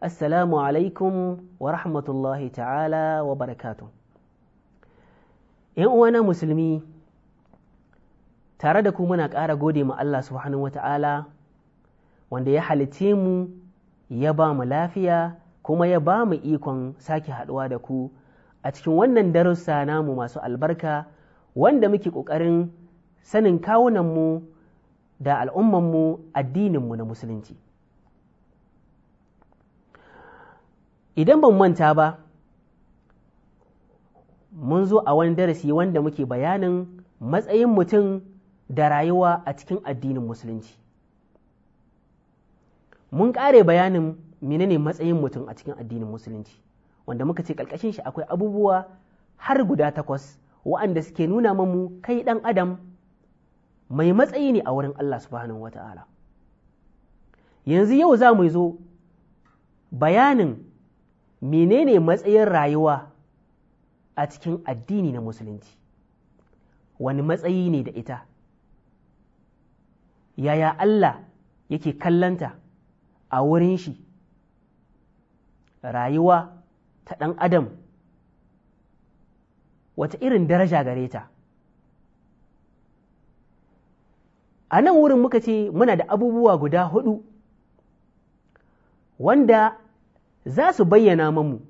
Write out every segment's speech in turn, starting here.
Assalamu alaikum wa rahmatullahi ta'ala wa barakatu. ‘Yan uwana musulmi, tare da ku muna ƙara gode ma Allah subhanahu wa ta'ala, wanda ya halitte mu, ya ba mu lafiya, kuma ya ba mu ikon sake haɗuwa da ku a cikin wannan darussa namu masu albarka, wanda muke ƙoƙarin sanin kawunanmu da al'ummanmu addininmu na musulunci. idan ban manta ba mun zo a wani darasi wanda muke bayanin matsayin mutum da rayuwa a cikin addinin musulunci mun kare bayanin menene matsayin mutum a cikin addinin musulunci wanda muka ce ƙarƙashin shi akwai abubuwa har guda takwas wa'anda suke nuna mamu kai ɗan adam mai matsayi ne a wurin Allah subhanahu wata'ala yanzu yau za mu zo bayanin menene matsayin rayuwa a cikin addini na musulunci wani matsayi ne da ita yaya Allah yake kallanta a wurin shi rayuwa ta ɗan adam wata irin daraja gare ta a nan wurin muka ce muna da abubuwa guda hudu wanda za su bayyana mamu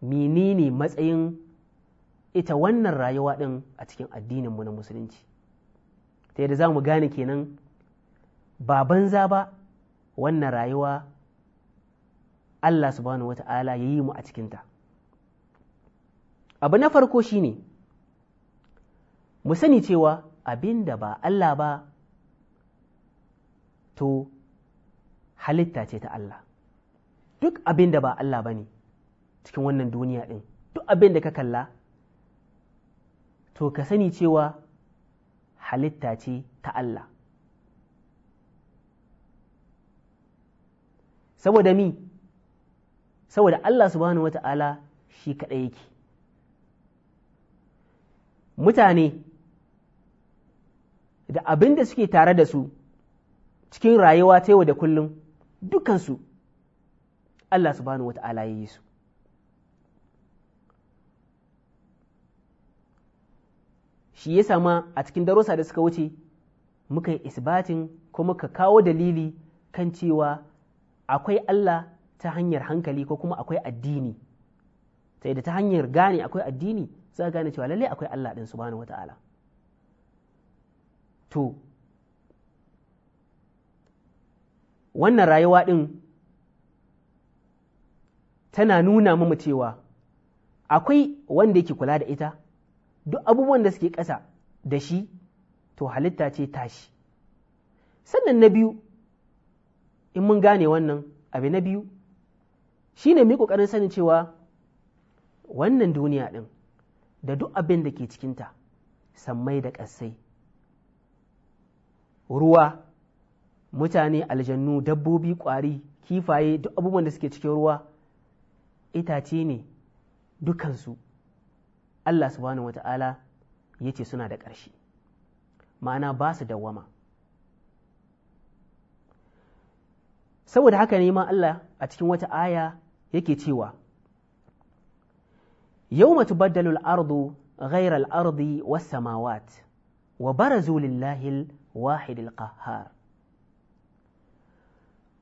menene matsayin ita wannan rayuwa ɗin a cikin addininmu na musulunci ta yadda za mu gane kenan ba banza ba wannan rayuwa Allah subhanahu wa ta'ala ya yi mu a cikinta abu na farko shine mu sani cewa abinda ba Allah ba to halitta ce ta Allah duk abin da ba Allah ba ne cikin wannan duniya ɗin duk abin da ka kalla to ka sani cewa halitta ce ta Allah saboda mi saboda Allah subhanahu wata'ala shi kaɗai yake mutane da abin da suke tare da su cikin rayuwa ta yau da kullum dukansu Allah subhanahu wata'ala ya yi su shi ya sama a cikin darussa da suka wuce muka yi isbatin ko muka kawo dalili kan cewa akwai Allah ta hanyar hankali ko kuma akwai addini sai da ta hanyar gane akwai addini za gane cewa lallai akwai Allah ɗin subhanahu wata'ala to wannan rayuwa ɗin tana nuna mamu cewa akwai wanda yake kula da ita duk abubuwan da suke ƙasa da shi to halitta ce tashi sannan na biyu in mun gane wannan abu na biyu shi ne mai ƙoƙarin sanin cewa wannan duniya ɗin da duk abin da ke cikinta sammai da ƙasai ruwa mutane aljannu dabbobi ƙwari kifaye duk abubuwan da suke cikin ruwa itace ne dukansu Allah subhanahu wata'ala ya ce suna da ƙarshe ma'ana ba su dawwama saboda haka ne ma Allah a cikin wata aya yake cewa yau matu baddalul ardu ghairal ardi was samawat wa barazu lillahi wahidil qahhar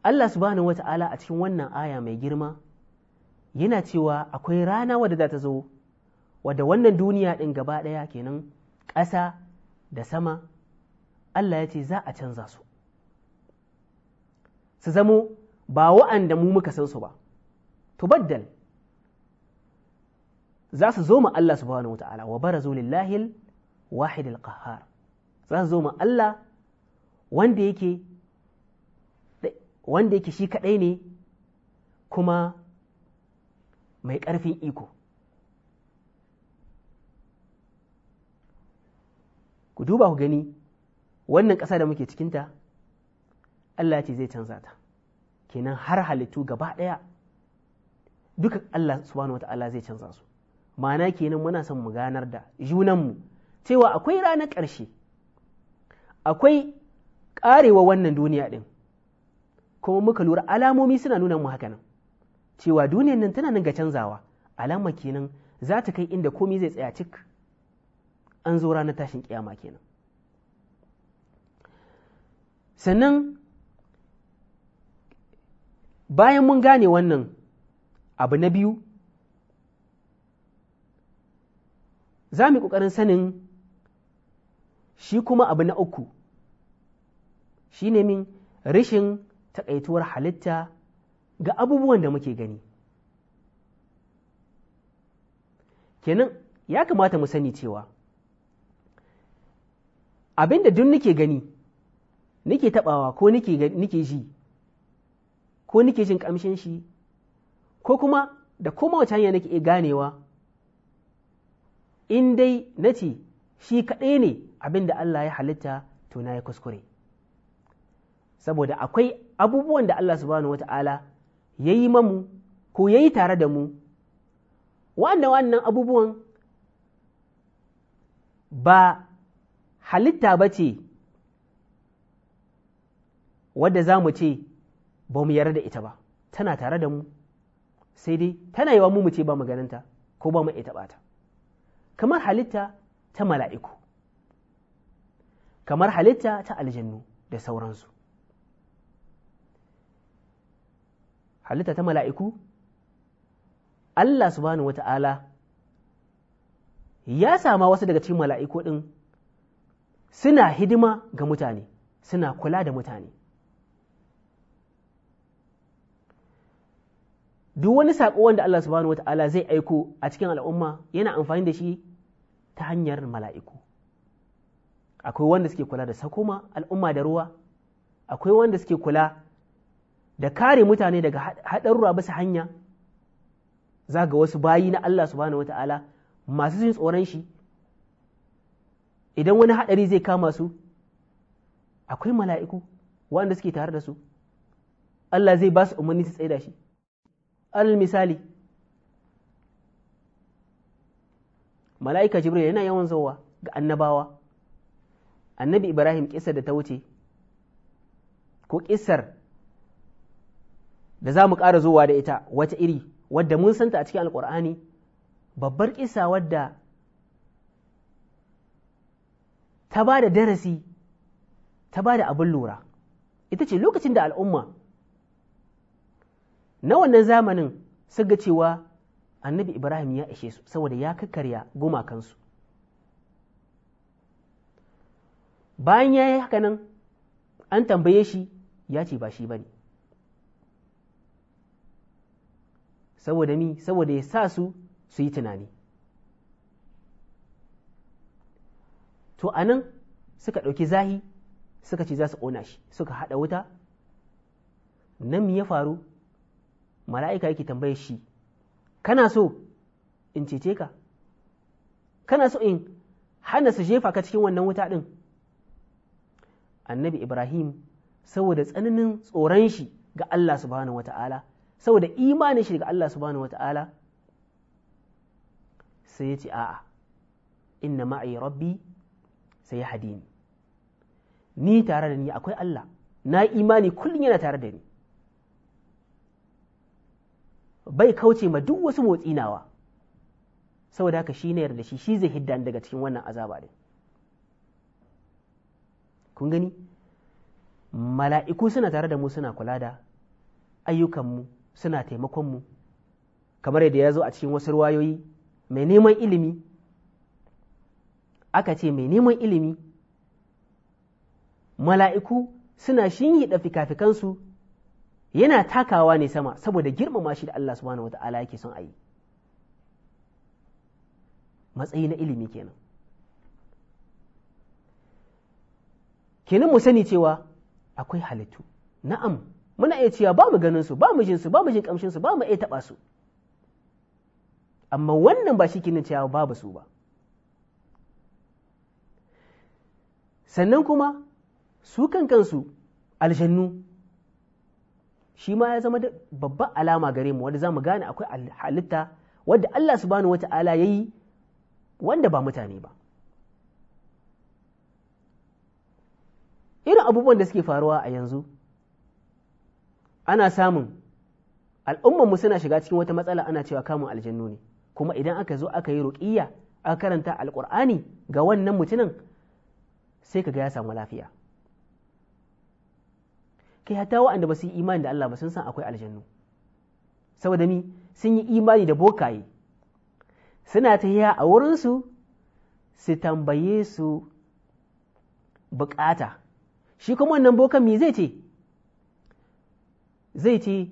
Allah subhanahu wata'ala a cikin wannan aya mai girma yana cewa akwai rana wadda za ta zo wadda wannan duniya ɗin gaba ɗaya kenan ƙasa da sama Allah ya ce za a canza su su zamo ba wa'anda mu muka san su ba To baddal za su zo ma Allah subhanahu wata'ala wa bara lillahi lahil al-qahhar za su zo ma Allah wanda yake wanda yake shi kaɗai ne kuma mai ƙarfin iko ku duba ku gani wannan ƙasa da muke cikinta Allah ce zai canza ta kenan har halittu gaba ɗaya duka Allah subhanahu Allah zai canza su ma'ana kenan muna son mu ganar da junanmu cewa akwai ranar ƙarshe akwai ƙarewa wannan duniya ɗin kuma muka lura alamomi suna nuna mu hakanan. cewa duniyar nan tana nan ga canzawa alama kenan za ta kai inda komai zai tsaya cik an zo ranar tashin kiyama kenan sannan bayan mun gane wannan abu na biyu za mu yi ƙoƙarin sanin shi kuma abu na uku shi ne min rishin takaituwar halitta ga abubuwan da muke gani kenan ya kamata mu sani cewa abin da duk nake gani nike tabawa ko nake ji ko nike jin kamshin shi ko kuma da koma wace hanya nake ganewa in dai na ce shi kaɗai ne abin da Allah ya halitta to na ya kuskure saboda akwai abubuwan da Allah su subhanahu Ta'ala. ya yi mamu ko ya yi tare da mu wannan wannan abubuwan ba halitta ba ce wadda za mu ce ba mu yarda da ita ba tana tare da mu sai dai tana yawa mu mu ce ba mu ganinta ko ba mu ita ta kamar halitta ta mala'iku kamar halitta ta aljannu da sauransu halitta ta mala'iku Allah subhanahu wata'ala ya sama wasu daga cikin mala'iku ɗin suna hidima ga mutane suna kula da mutane duk wani saƙo wanda Allah subhanahu wa ta'ala zai aiko a cikin al'umma yana amfani da shi ta hanyar mala'iku. Akwai wanda suke kula da sakoma al'umma da ruwa, akwai wanda suke kula da kare mutane daga haɗarruwa bisa hanya za ga wasu bayi na Allah subhanahu wa ta'ala masu jin tsoron shi idan wani haɗari zai kama su akwai mala'iku waɗanda suke tare da su Allah zai ba su umarni su tsaida shi alal misali mala'ika jibril yana yawan zowa ga annabawa annabi ibrahim ƙisar da ta wuce ko ƙisar da za mu ƙara zuwa da ita wata iri wadda mun santa a cikin alƙur'ani babbar ƙisa wadda ta ba da darasi ta ba da abin lura ita ce lokacin da al'umma na wannan zamanin sun ga cewa annabi ibrahim ya ishe su saboda ya kakkarya gumakansu bayan ya yi hakanan an tambaye shi ya ce ba shi ba ne saboda mi saboda ya sa su su yi tunani to a nan suka ɗauki zahi suka ce za su ƙona shi suka haɗa wuta nan mi ya faru mala'ika yake tambayar shi kana so in cece ka kana so in hana su jefa ka cikin wannan wuta ɗin annabi ibrahim saboda tsananin tsoron shi ga allah subhanahu wata'ala saboda imanin shi daga Allah subhanahu wata'ala sai ya ce a'a inna ma'ayi rabbi sai ya hadini ni tare da ni akwai Allah na imani kullum yana tare da ni bai kauce ma duk wasu motsi nawa saboda haka shi ne yarda shi shi zai hidda daga cikin wannan azaba din kun gani mala'iku suna tare da mu suna kula da ayyukanmu suna taimakonmu kamar yadda ya zo a cikin wasu ruwayoyi mai neman ilimi aka ce mai neman ilimi mala'iku suna shinyiɗa fikafikansu yana takawa ne sama saboda girmama shi da Allah subhanahu wata'ala yake son a yi matsayi na ilimi kenan kenan mu sani cewa akwai halittu na'am muna iya cewa ba mu ganin su ba mu jin su ba mu jin kamshin su ba mu iya taba su amma wannan ba shi ke cewa babu su ba sannan kuma su kan kansu aljannu shi ma ya zama da babban alama gare mu wanda zamu gane akwai halitta wadda Allah subhanahu wata'ala ya yi wanda ba mutane ba irin abubuwan da suke faruwa a yanzu ana samun al'ummanmu suna shiga cikin wata matsala ana cewa kamun aljannu ne kuma idan aka zo aka yi ruƙiyya aka karanta alƙur'ani ga wannan mutumin sai kaga ya samu lafiya kai hatta wa'anda ba su yi imani da Allah ba sun san akwai aljannu saboda ni sun yi imani da bokaye suna ta tahiya a wurinsu su tambaye su bukata shi kuma wannan bokan me zai ce zai ce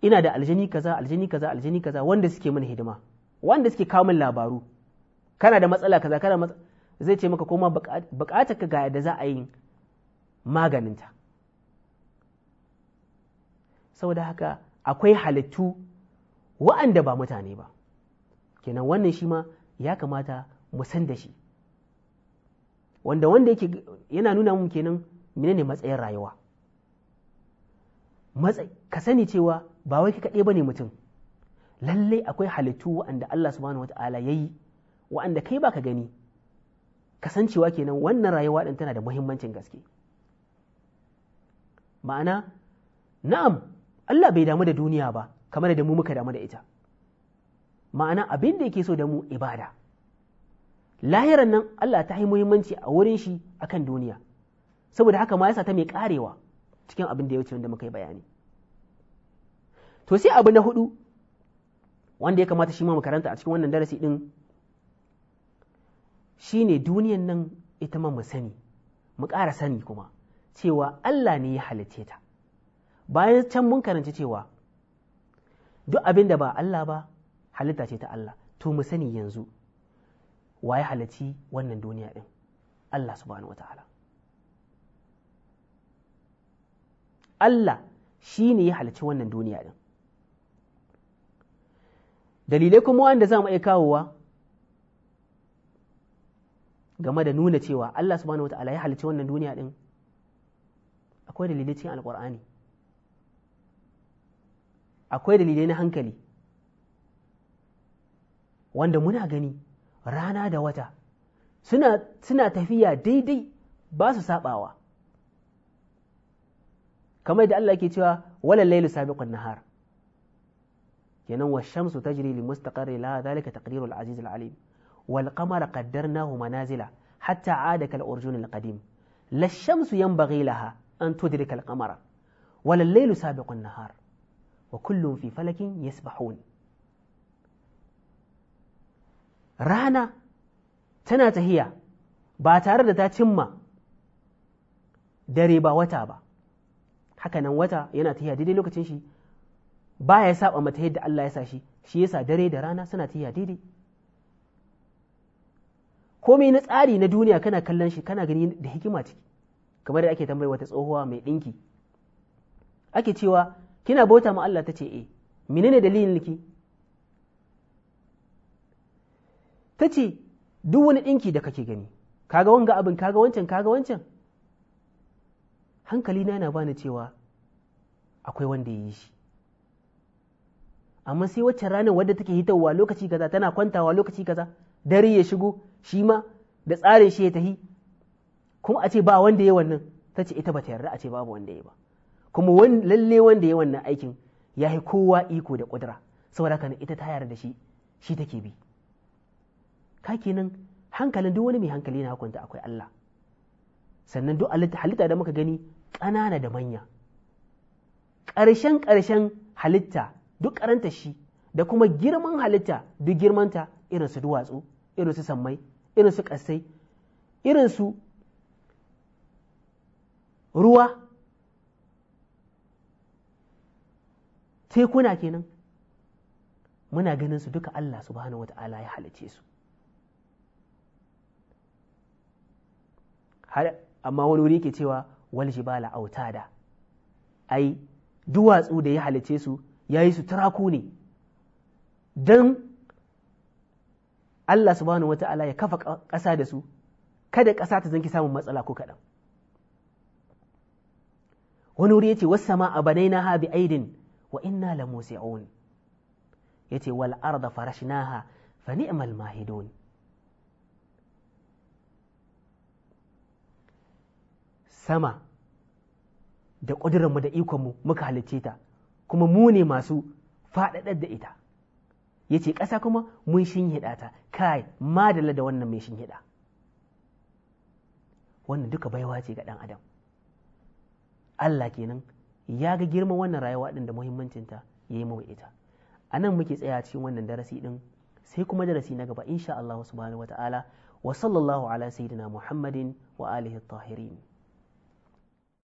ina da aljani kaza aljani kaza aljani kaza wanda suke min hidima wanda suke kawo min labaru kana da matsala kaza kana matsala zai ce maka koma bukatar ka ga yadda za a yi maganinta saboda haka akwai halittu wa'anda ba mutane ba kenan wannan shi ma ya kamata mu san da shi wanda wanda yake yana nuna mu kenan menene matsayin rayuwa ka sani cewa ba wai kaɗe ba bane mutum lallai akwai halittu wa'anda Allah subhanahu wata'ala yi wa'anda kai baka gani kasancewa kenan wannan rayuwa din tana da muhimmancin gaske ma'ana na'am Allah bai damu da duniya ba kamar da mu muka damu da ita ma'ana abin da yake so da mu ibada lahiran nan Allah ta yi muhimmanci a wurin shi akan duniya saboda haka ma yasa ta mai karewa cikin abin da ya wuce wanda muka yi bayani to sai abu na hudu wanda ya kamata shi ma mu karanta a cikin wannan darasi din shine duniyan nan ita ma mu sani mu ƙara sani kuma cewa Allah ne ya halicce ta bayan can mun karanci cewa duk abin da ba Allah ba halitta ce ta Allah to mu sani yanzu wa ya halarci wannan duniya din Allah subhanahu wataala Allah shi ne ya halarci wannan duniya ɗin. Dalilai kuma wanda za mu iya kawowa game da nuna cewa Allah subhanahu wa ta'ala ya halarci wannan duniya ɗin akwai dalilai cikin alƙur'ani akwai dalilai na hankali wanda muna gani rana da wata suna, tafiya daidai ba su saɓawa kamar da Allah ke cewa wala lailu sabiqun nahar kenan wa shamsu tajri li mustaqarri la dhalika taqdiru al aziz al alim wal qamara qaddarnahu manazila hatta aada kal urjun al qadim la shamsu yanbaghi laha an tudrika al qamara wala lailu sabiqun nahar wa kullum fi falakin yasbahun rana tana tahiya ba tare da ta cimma dare ba wata ba haka nan wata yana tafiya daidai lokacin shi ba ya saba mata yadda Allah ya sa shi shi yasa dare da rana suna tafiya daidai komai na tsari na duniya kana kallon shi kana gani da hikima ciki kamar da ake tambayi wata tsohuwa mai dinki. ake cewa kina bauta ma Allah ta ce eh. menene dalilin ki? ta ce duk wani dinki da kake gani kaga wanga abin kaga wancan kaga wancan hankali na yana bani cewa akwai wanda ya yi shi amma sai wacce ranar wadda take hitarwa lokaci kaza tana kwantawa lokaci kaza dare ya shigo shi ma da tsarin shi ya tahi kuma a ce ba wanda ya wannan ta ce ita bata yarda a ce babu wanda ya ba kuma lalle wanda ya wannan aikin ya yi kowa iko da kudura saboda haka ita ta yarda shi shi take bi ka kenan hankalin duk wani mai hankali na hukunta akwai Allah sannan duk halitta da muka gani ƙanana da manya ƙarshen ƙarshen halitta duk karanta shi da kuma girman halitta duk girmanta irin su duwatsu irin su sammai irin su ƙasai irin su ruwa tekuna kenan muna ganin su duka Allah subhanahu wata'ala ya halice su har amma wani wuri ke cewa wal jibala autada ai duwatsu da ya halice su ya yi su turaku ne don Allah subhanahu wata'ala ya kafa ƙasa da su kada ƙasa ta zanki samun matsala ko kaɗan wani wuri ce, wasu sama a banai na habi aidin wa inna la musi'un yace wal arda farashnaha fa ni'mal mahidun sama da ƙudurarmu da ikonmu muka halicce ta kuma mu ne masu faɗaɗar da ita ya ce ƙasa kuma mun shinhiɗa ta kai madala da wannan mai shinhiɗa wannan duka baiwa ce ga ɗan adam Allah kenan ya ga girma wannan rayuwa ɗin da muhimmancinta ya yi mawa ita a nan muke tsaya cikin wannan darasi ɗin sai kuma darasi na gaba insha Allah subhanahu wa ta'ala wa sallallahu ala sayyidina Muhammadin wa alihi tahirin